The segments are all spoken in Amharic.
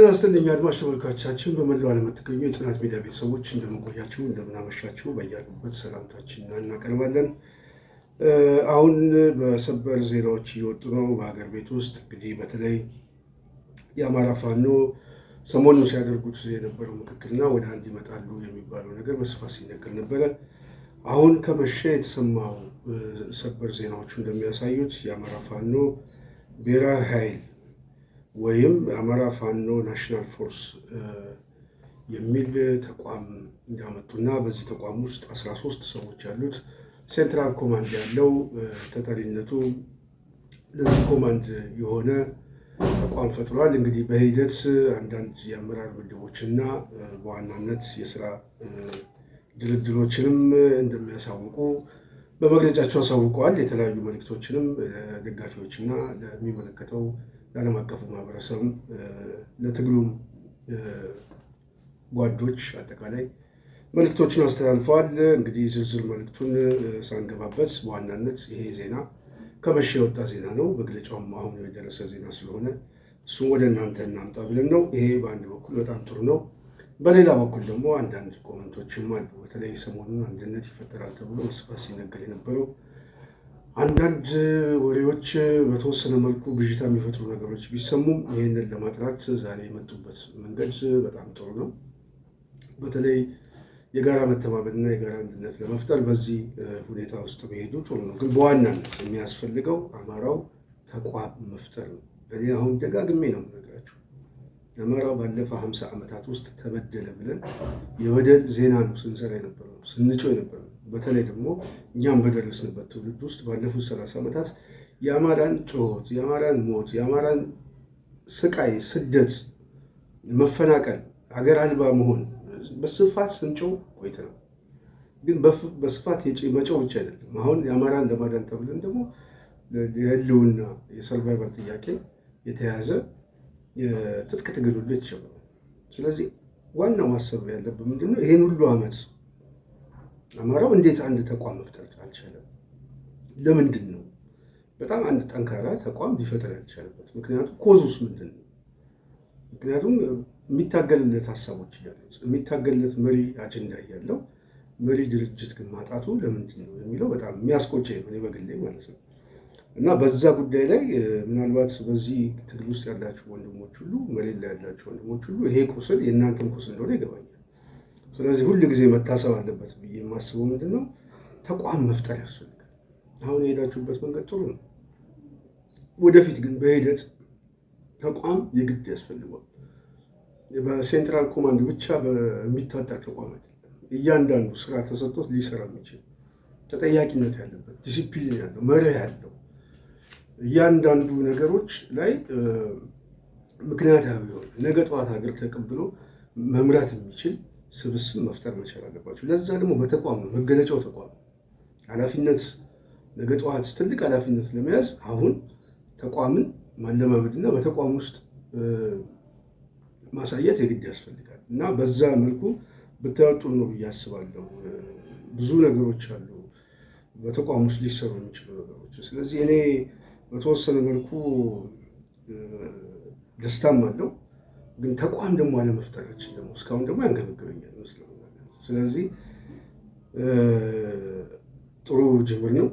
ጤና ይስጥልኝ አድማጭ ተመልካቾቻችን በመላው ዓለም የምትገኙ የጽናት ሚዲያ ቤተሰቦች እንደምንቆያችሁ እንደምናመሻችሁ በያሉበት ሰላምታችን እናቀርባለን። አሁን በሰበር ዜናዎች እየወጡ ነው። በሀገር ቤት ውስጥ እንግዲህ በተለይ የአማራ ፋኖ ሰሞኑ ሲያደርጉት የነበረው ምክክልና ወደ አንድ ይመጣሉ የሚባለው ነገር በስፋት ሲነገር ነበረ። አሁን ከመሸ የተሰማው ሰበር ዜናዎቹ እንደሚያሳዩት የአማራ ፋኖ ብሔራዊ ኃይል ወይም የአማራ ፋኖ ናሽናል ፎርስ የሚል ተቋም እና በዚህ ተቋም ውስጥ 13 ሰዎች ያሉት ሴንትራል ኮማንድ ያለው ተጠሪነቱ ለዚህ ኮማንድ የሆነ ተቋም ፈጥሯል። እንግዲህ በሂደት አንዳንድ የአመራር እና በዋናነት የስራ ድልድሎችንም እንደሚያሳውቁ በመግለጫቸው አሳውቀዋል። የተለያዩ መልእክቶችንም ለደጋፊዎችና ለሚመለከተው ለዓለም አቀፉ ማህበረሰቡም ለትግሉም ጓዶች አጠቃላይ መልእክቶችን አስተላልፈዋል። እንግዲህ ዝርዝር መልእክቱን ሳንገባበት በዋናነት ይሄ ዜና ከመሸ የወጣ ዜና ነው። መግለጫውም አሁን የደረሰ ዜና ስለሆነ እሱም ወደ እናንተ እናምጣ ብለን ነው። ይሄ በአንድ በኩል በጣም ጥሩ ነው። በሌላ በኩል ደግሞ አንዳንድ ኮመንቶችም አሉ። በተለይ ሰሞኑን አንድነት ይፈጠራል ተብሎ በስፋት ሲነገር የነበረው አንዳንድ ወሬዎች በተወሰነ መልኩ ብዥታ የሚፈጥሩ ነገሮች ቢሰሙም ይህንን ለማጥራት ዛሬ የመጡበት መንገድ በጣም ጥሩ ነው። በተለይ የጋራ መተማመንና የጋራ አንድነት ለመፍጠር በዚህ ሁኔታ ውስጥ መሄዱ ጥሩ ነው። ግን በዋናነት የሚያስፈልገው አማራው ተቋም መፍጠር ነው። እኔ አሁን ደጋግሜ ነው የምነግራቸው፣ አማራው ባለፈ ሀምሳ ዓመታት ውስጥ ተበደለ ብለን የበደል ዜና ነው ስንሰራ የነበረው ስንጮ የነበረው በተለይ ደግሞ እኛም በደረስንበት ትውልድ ውስጥ ባለፉት ሰላሳ ዓመታት የአማራን ጩኸት፣ የአማራን ሞት፣ የአማራን ስቃይ፣ ስደት፣ መፈናቀል፣ ሀገር አልባ መሆን በስፋት ስንጮህ ነው። ግን በስፋት መጮው ብቻ አይደለም። አሁን የአማራን ለማዳን ተብለን ደግሞ የህልውና የሰርቫይቫል ጥያቄ የተያዘ የትጥቅ ትግል ሁሉ የተጀመረ። ስለዚህ ዋናው ማሰብ ያለብን ምንድነው? ይህን ሁሉ አመት? አማራው እንዴት አንድ ተቋም መፍጠር አልቻለም? ለምንድን ነው በጣም አንድ ጠንካራ ተቋም ሊፈጥር ያልቻለበት? ምክንያቱም ኮዙስ ምንድን ነው? ምክንያቱም የሚታገልለት ሀሳቦች እያሉት የሚታገልለት መሪ አጀንዳ ያለው መሪ ድርጅት ግን ማጣቱ ለምንድን ነው የሚለው በጣም የሚያስቆጨ እኔ በግሌ ማለት ነው። እና በዛ ጉዳይ ላይ ምናልባት በዚህ ትግል ውስጥ ያላችሁ ወንድሞች ሁሉ መሬት ላይ ያላችሁ ወንድሞች ሁሉ ይሄ ቁስል የእናንተን ቁስል እንደሆነ ይገባኛል። ስለዚህ ሁሉ ጊዜ መታሰብ አለበት ብዬ የማስበው ምንድን ነው ተቋም መፍጠር ያስፈልጋል። አሁን የሄዳችሁበት መንገድ ጥሩ ነው። ወደፊት ግን በሂደት ተቋም የግድ ያስፈልገዋል። በሴንትራል ኮማንድ ብቻ በሚታጠር ተቋም አይደለም። እያንዳንዱ ስራ ተሰጥቶት ሊሰራ የሚችል ተጠያቂነት ያለበት ዲሲፕሊን ያለው መርህ ያለው እያንዳንዱ ነገሮች ላይ ምክንያታዊ የሆነ ነገ ጠዋት ሀገር ተቀብሎ መምራት የሚችል ስብስብ መፍጠር መቻል አለባቸው። ለዛ ደግሞ በተቋም ነው መገለጫው። ተቋም ኃላፊነት ነገ ጠዋት ትልቅ ኃላፊነት ለመያዝ አሁን ተቋምን ማለማመድ እና በተቋም ውስጥ ማሳየት የግድ ያስፈልጋል እና በዛ መልኩ ብታወጡ ነው ብዬ አስባለሁ። ብዙ ነገሮች አሉ በተቋም ውስጥ ሊሰሩ የሚችሉ ነገሮች። ስለዚህ እኔ በተወሰነ መልኩ ደስታም አለው ግን ተቋም ደግሞ አለመፍጠራችን ደግሞ እስካሁን ደግሞ ያንገበግበኛል ይመስላል። ስለዚህ ጥሩ ጅምር ነው፣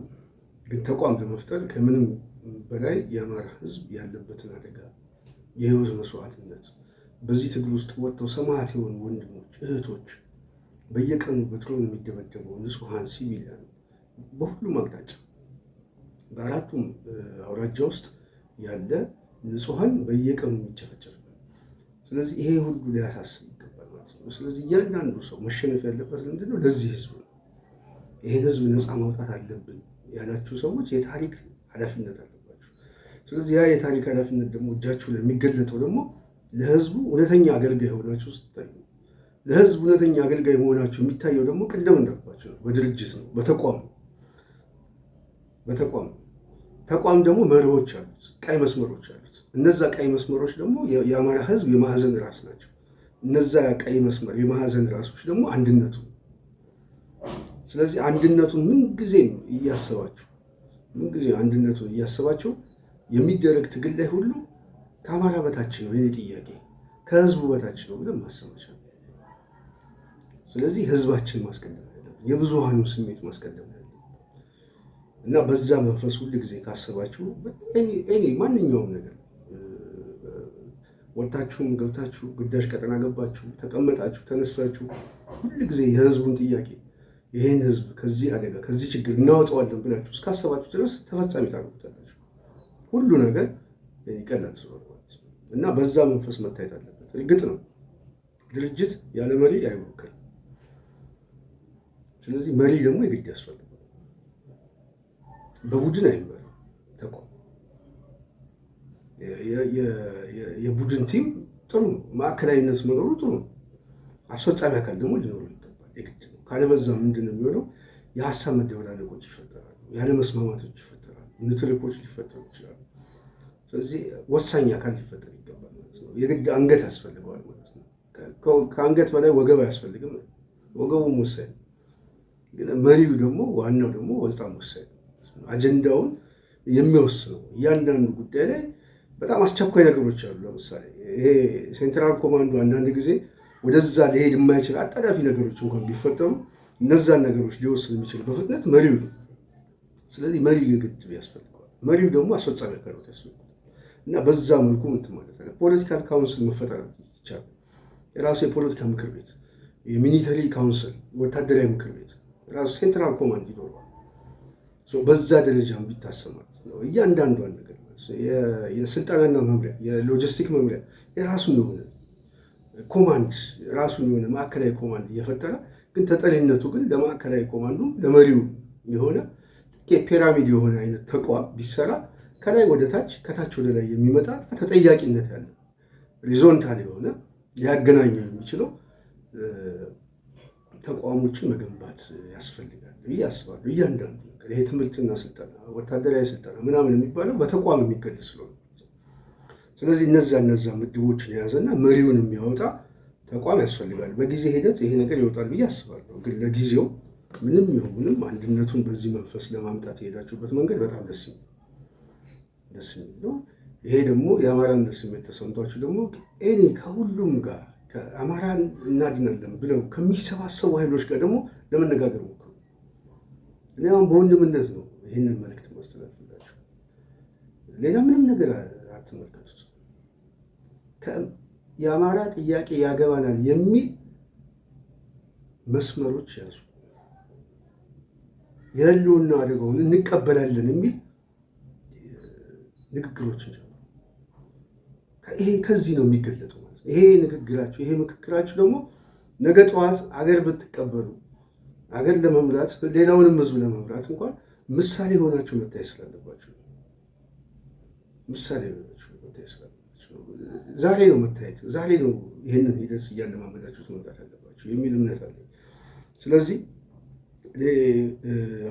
ግን ተቋም ለመፍጠር ከምንም በላይ የአማራ ሕዝብ ያለበትን አደጋ የህይወት መስዋዕትነት በዚህ ትግል ውስጥ ወጥተው ሰማዕት የሆኑ ወንድሞች እህቶች፣ በየቀኑ በድሮን የሚደበደበው ንጹሐን ሲቪሊያን በሁሉም አቅጣጫ በአራቱም አውራጃ ውስጥ ያለ ንጹሐን በየቀኑ የሚጨፈጨፍ ስለዚህ ይሄ ሁሉ ሊያሳስብ ይገባል ማለት ነው። ስለዚህ እያንዳንዱ ሰው መሸነፍ ያለበት ምንድነው? ለዚህ ህዝብ ነው። ይሄን ህዝብ ነፃ ማውጣት አለብን ያላችሁ ሰዎች የታሪክ ኃላፊነት አለባችሁ። ስለዚህ ያ የታሪክ ኃላፊነት ደግሞ እጃችሁ ለሚገለጠው ደግሞ ለህዝቡ እውነተኛ አገልጋይ ሆናችሁ ስታዩ፣ ለህዝብ እውነተኛ አገልጋይ መሆናችሁ የሚታየው ደግሞ ቅድም እንዳልኳቸው ነው። በድርጅት ነው፣ በተቋም በተቋም ተቋም ደግሞ መሪዎች አሉት፣ ቀይ መስመሮች አሉት። እነዛ ቀይ መስመሮች ደግሞ የአማራ ህዝብ የማዕዘን ራስ ናቸው። እነዛ ቀይ መስመር የማዕዘን ራሶች ደግሞ አንድነቱ። ስለዚህ አንድነቱን ምንጊዜ እያሰባቸው ምንጊዜ አንድነቱን እያሰባቸው የሚደረግ ትግል ላይ ሁሉ ከአማራ በታች ነው የኔ ጥያቄ፣ ከህዝቡ በታች ነው ብለን ማሰብ ስለዚህ ህዝባችን ማስቀደም ያለብን፣ የብዙሃኑ ስሜት ማስቀደም ያለብን እና በዛ መንፈስ ሁል ጊዜ ካሰባችሁ እኔ ማንኛውም ነገር ወጥታችሁም ገብታችሁ ግዳጅ ቀጠና ገባችሁ፣ ተቀመጣችሁ፣ ተነሳችሁ ሁል ጊዜ የህዝቡን ጥያቄ ይህን ህዝብ ከዚህ አደጋ ከዚህ ችግር እናወጣዋለን ብላችሁ እስካሰባችሁ ድረስ ተፈጻሚ ታደርጉታላችሁ። ሁሉ ነገር ይቀላል ስለሆነ እና በዛ መንፈስ መታየት አለበት። እርግጥ ነው ድርጅት ያለ መሪ አይወከልም። ስለዚህ መሪ ደግሞ የግድ ያስፈልጋል። በቡድን አይመራም ተቋም። የቡድን ቲም ጥሩ ነው፣ ማዕከላዊነት መኖሩ ጥሩ ነው። አስፈጻሚ አካል ደግሞ ሊኖረው ይገባል፣ የግድ ነው። ካለበዛ ምንድን ነው የሚሆነው? የሀሳብ መደበላለቆች ይፈጠራሉ፣ ያለመስማማቶች ይፈጠራሉ፣ ንትርኮች ሊፈጠሩ ይችላሉ። ስለዚህ ወሳኝ አካል ሊፈጠር ይገባል ማለት ነው። የግድ አንገት ያስፈልገዋል ማለት ነው። ከአንገት በላይ ወገብ አያስፈልግም። ወገቡም ወሳኝ ነው፣ መሪው ደግሞ ዋናው ደግሞ በጣም ወሳኝ ነው። አጀንዳውን ነው እያንዳንዱ ጉዳይ ላይ በጣም አስቸኳይ ነገሮች አሉ። ለምሳሌ ይሄ ሴንትራል ኮማንዶ አንዳንድ ጊዜ ወደዛ ሊሄድ የማይችል አጣዳፊ ነገሮች እንኳን ቢፈጠሩ እነዛን ነገሮች ሊወስን የሚችል በፍጥነት መሪው ነው። ስለዚህ መሪ የግድብ ያስፈልገዋል። መሪው ደግሞ አስፈጻሚ አካላት ያስፈልገዋል እና በዛ መልኩ እንትን ማለት ነው። ፖለቲካል ካውንስል መፈጠር ይቻላል። የራሱ የፖለቲካ ምክር ቤት፣ የሚኒተሪ ካውንስል፣ ወታደራዊ ምክር ቤት ራሱ ሴንትራል ኮማንድ ይኖረዋል። በዛ ደረጃ ቢታሰብ ማለት ነው። እያንዳንዷን ነገር የስልጠናና መምሪያ፣ የሎጂስቲክ መምሪያ የራሱን የሆነ ኮማንድ ራሱን የሆነ ማዕከላዊ ኮማንድ እየፈጠረ ግን ተጠሪነቱ ግን ለማዕከላዊ ኮማንዱ ለመሪው የሆነ ፔራሚድ የሆነ አይነት ተቋም ቢሰራ ከላይ ወደ ታች ከታች ወደ ላይ የሚመጣ ተጠያቂነት ያለው ሪዞንታል የሆነ ሊያገናኘው የሚችለው ተቋሞችን መገንባት ያስፈልጋል ብዬ አስባለሁ። እያንዳንዱ ነገር ይሄ ትምህርትና ስልጠና፣ ወታደራዊ ስልጠና ምናምን የሚባለው በተቋም የሚገለጽ ስለሆነ ስለዚህ እነዛ እነዛ ምድቦችን የያዘና መሪውን የሚያወጣ ተቋም ያስፈልጋል። በጊዜ ሂደት ይሄ ነገር ይወጣል ብዬ አስባለሁ። ግን ለጊዜው ምንም ይሁን ምንም አንድነቱን በዚህ መንፈስ ለማምጣት የሄዳችሁበት መንገድ በጣም ደስ ደስ የሚል ነው። ይሄ ደግሞ የአማራነት ስሜት ተሰምቷችሁ ደግሞ ኤኒ ከሁሉም ጋር አማራ እናድናለን ብለው ከሚሰባሰቡ ኃይሎች ጋር ደግሞ ለመነጋገር ሞክሩ። እኔ አሁን በወንድምነት ነው ይህንን መልእክት ማስተላልፍላቸው። ሌላ ምንም ነገር አትመልከቱት። የአማራ ጥያቄ ያገባናል የሚል መስመሮች ያዙ። የህልውና አደጋውን እንቀበላለን የሚል ንግግሮችን ጀምሩ። ይሄ ከዚህ ነው የሚገለጠው። ይሄ ንግግራችሁ ይሄ ምክክራችሁ ደግሞ ነገ ጠዋት አገር ብትቀበሉ አገር ለመምራት ሌላውንም ህዝብ ለመምራት እንኳን ምሳሌ ሆናችሁ መታየት ስላለባችሁ ምሳሌ ሆናችሁ መታየት ስላለባችሁ ዛሬ ነው መታየት፣ ዛሬ ነው ይህንን ሂደት እያለማመዳችሁት መምጣት አለባችሁ የሚል እምነት አለ። ስለዚህ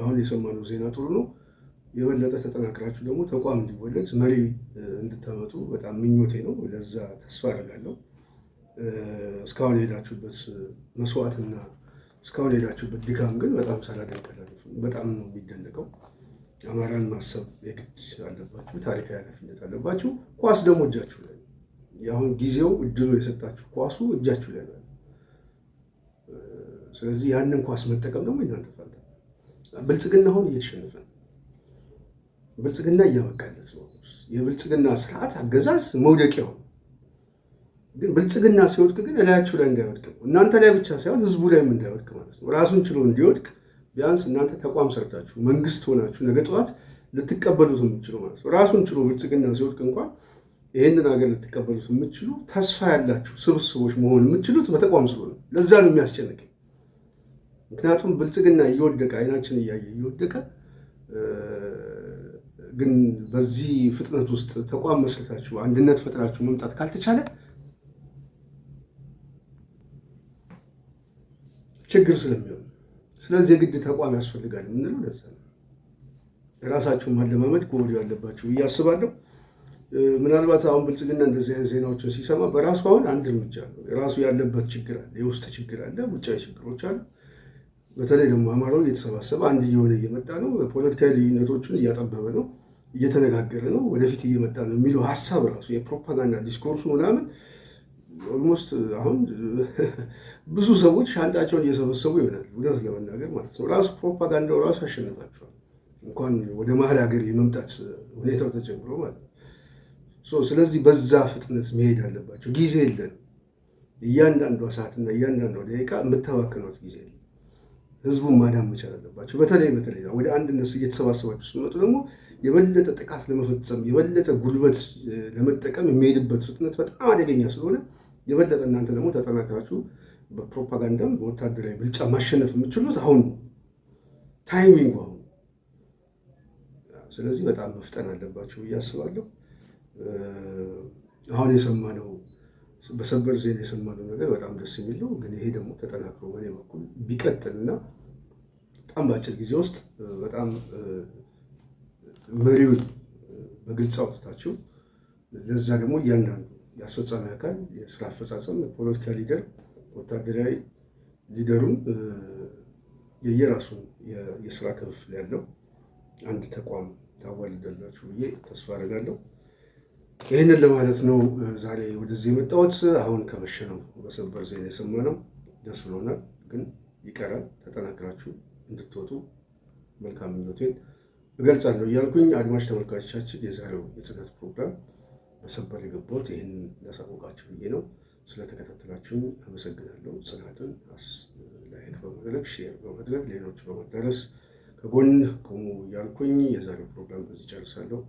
አሁን የሰማነው ዜና ጥሩ ነው። የበለጠ ተጠናክራችሁ ደግሞ ተቋም እንዲወለድ መሪ እንድታመጡ በጣም ምኞቴ ነው። ለዛ ተስፋ አደርጋለሁ። እስካሁን የሄዳችሁበት መስዋዕትና እስካሁን የሄዳችሁበት ድካም ግን በጣም ሳላደንቀላል በጣም ነው የሚደነቀው። አማራን ማሰብ የግድ አለባችሁ። ታሪካዊ ኃላፊነት አለባችሁ። ኳስ ደግሞ እጃችሁ ላይ የአሁን ጊዜው እድሉ የሰጣችሁ ኳሱ እጃችሁ ላይ ነው። ስለዚህ ያንን ኳስ መጠቀም ደግሞ እናንተ ፋንታ ብልጽግና አሁን እየተሸነፈ ነው። ብልጽግና እያበቃለት ነው። የብልጽግና ስርዓት አገዛዝ መውደቂያው ግን ብልጽግና ሲወድቅ ግን እላያችሁ ላይ እንዳይወድቅ እናንተ ላይ ብቻ ሳይሆን ህዝቡ ላይም እንዳይወድቅ ማለት ነው። ራሱን ችሎ እንዲወድቅ ቢያንስ እናንተ ተቋም ሰርታችሁ መንግስት ሆናችሁ ነገ ጠዋት ልትቀበሉት የምችሉ ማለት ነው። ራሱን ችሎ ብልጽግና ሲወድቅ እንኳን ይህንን ሀገር ልትቀበሉት የምችሉ ተስፋ ያላችሁ ስብስቦች መሆን የምችሉት በተቋም ስለሆነ ለዛ ነው የሚያስጨንቀኝ። ምክንያቱም ብልጽግና እየወደቀ አይናችን እያየ እየወደቀ ግን በዚህ ፍጥነት ውስጥ ተቋም መስርታችሁ አንድነት ፈጥራችሁ መምጣት ካልተቻለ ችግር ስለሚሆን፣ ስለዚህ የግድ ተቋም ያስፈልጋል የምንለው ለዛ ነው። ራሳችሁን ማለማመድ ጎል ያለባችሁ እያስባለሁ። ምናልባት አሁን ብልጽግና እንደዚህ አይነት ዜናዎችን ሲሰማ በራሱ አሁን አንድ እርምጃ ነው። ራሱ ያለበት ችግር አለ፣ የውስጥ ችግር አለ፣ ውጫዊ ችግሮች አሉ። በተለይ ደግሞ አማራው እየተሰባሰበ አንድ እየሆነ እየመጣ ነው። ፖለቲካዊ ልዩነቶችን እያጠበበ ነው፣ እየተነጋገረ ነው፣ ወደፊት እየመጣ ነው የሚለው ሀሳብ ራሱ የፕሮፓጋንዳ ዲስኮርሱ ምናምን ኦልሞስት አሁን ብዙ ሰዎች ሻንጣቸውን እየሰበሰቡ ይሆናል፣ እውነት ለመናገር ማለት ነው። ራሱ ፕሮፓጋንዳው ራሱ ያሸንፋቸዋል፣ እንኳን ወደ መሀል ሀገር የመምጣት ሁኔታው ተጀምሮ ማለት ነው። ስለዚህ በዛ ፍጥነት መሄድ አለባቸው። ጊዜ የለን። እያንዳንዷ ሰዓትና እያንዳንዷ ደቂቃ የምታባክኗት ጊዜ የለም። ህዝቡን ማዳን መቻል አለባቸው። በተለይ በተለይ ወደ አንድነት እየተሰባሰባችሁ ስትመጡ ደግሞ የበለጠ ጥቃት ለመፈጸም የበለጠ ጉልበት ለመጠቀም የሚሄድበት ፍጥነት በጣም አደገኛ ስለሆነ የበለጠ እናንተ ደግሞ ተጠናክራችሁ በፕሮፓጋንዳም በወታደራዊ ብልጫ ማሸነፍ የምችሉት አሁን ታይሚንጉ ታይሚንግ አሁን። ስለዚህ በጣም መፍጠን አለባችሁ ብዬ አስባለሁ። አሁን የሰማነው በሰበር ዜና የሰማነው ነገር በጣም ደስ የሚለው ግን ይሄ ደግሞ ተጠናክሮ በኔ በኩል ቢቀጥል እና በጣም በአጭር ጊዜ ውስጥ በጣም መሪውን በግልጽ አውጥታችሁ ለዛ ደግሞ እያንዳንዱ የአስፈጻሚ አካል የስራ አፈጻጸም፣ ፖለቲካ ሊደር፣ ወታደራዊ ሊደሩን የየራሱን የስራ ክፍፍል ያለው አንድ ተቋም ታዋልዳላችሁ ብዬ ተስፋ አደርጋለሁ። ይህንን ለማለት ነው ዛሬ ወደዚህ የመጣሁት። አሁን ከመሸ ነው በሰበር ዜና የሰማነው፣ ደስ ብሎናል። ግን ይቀራል። ተጠናክራችሁ እንድትወጡ መልካም ምኞቴን እገልጻለሁ እያልኩኝ አድማጭ ተመልካቾቻችን የዛሬው የጽዳት ፕሮግራም ሰበር የገባሁት ይህን ላሳወቃችሁ ብዬ ነው። ስለተከታተላችሁኝ አመሰግናለሁ። ጽናትን ላይክ በማድረግ ሼር በማድረግ ሌሎች በማዳረስ ከጎን ቁሙ እያልኩኝ የዛሬው ፕሮግራም በዚህ ጨርሳለሁ።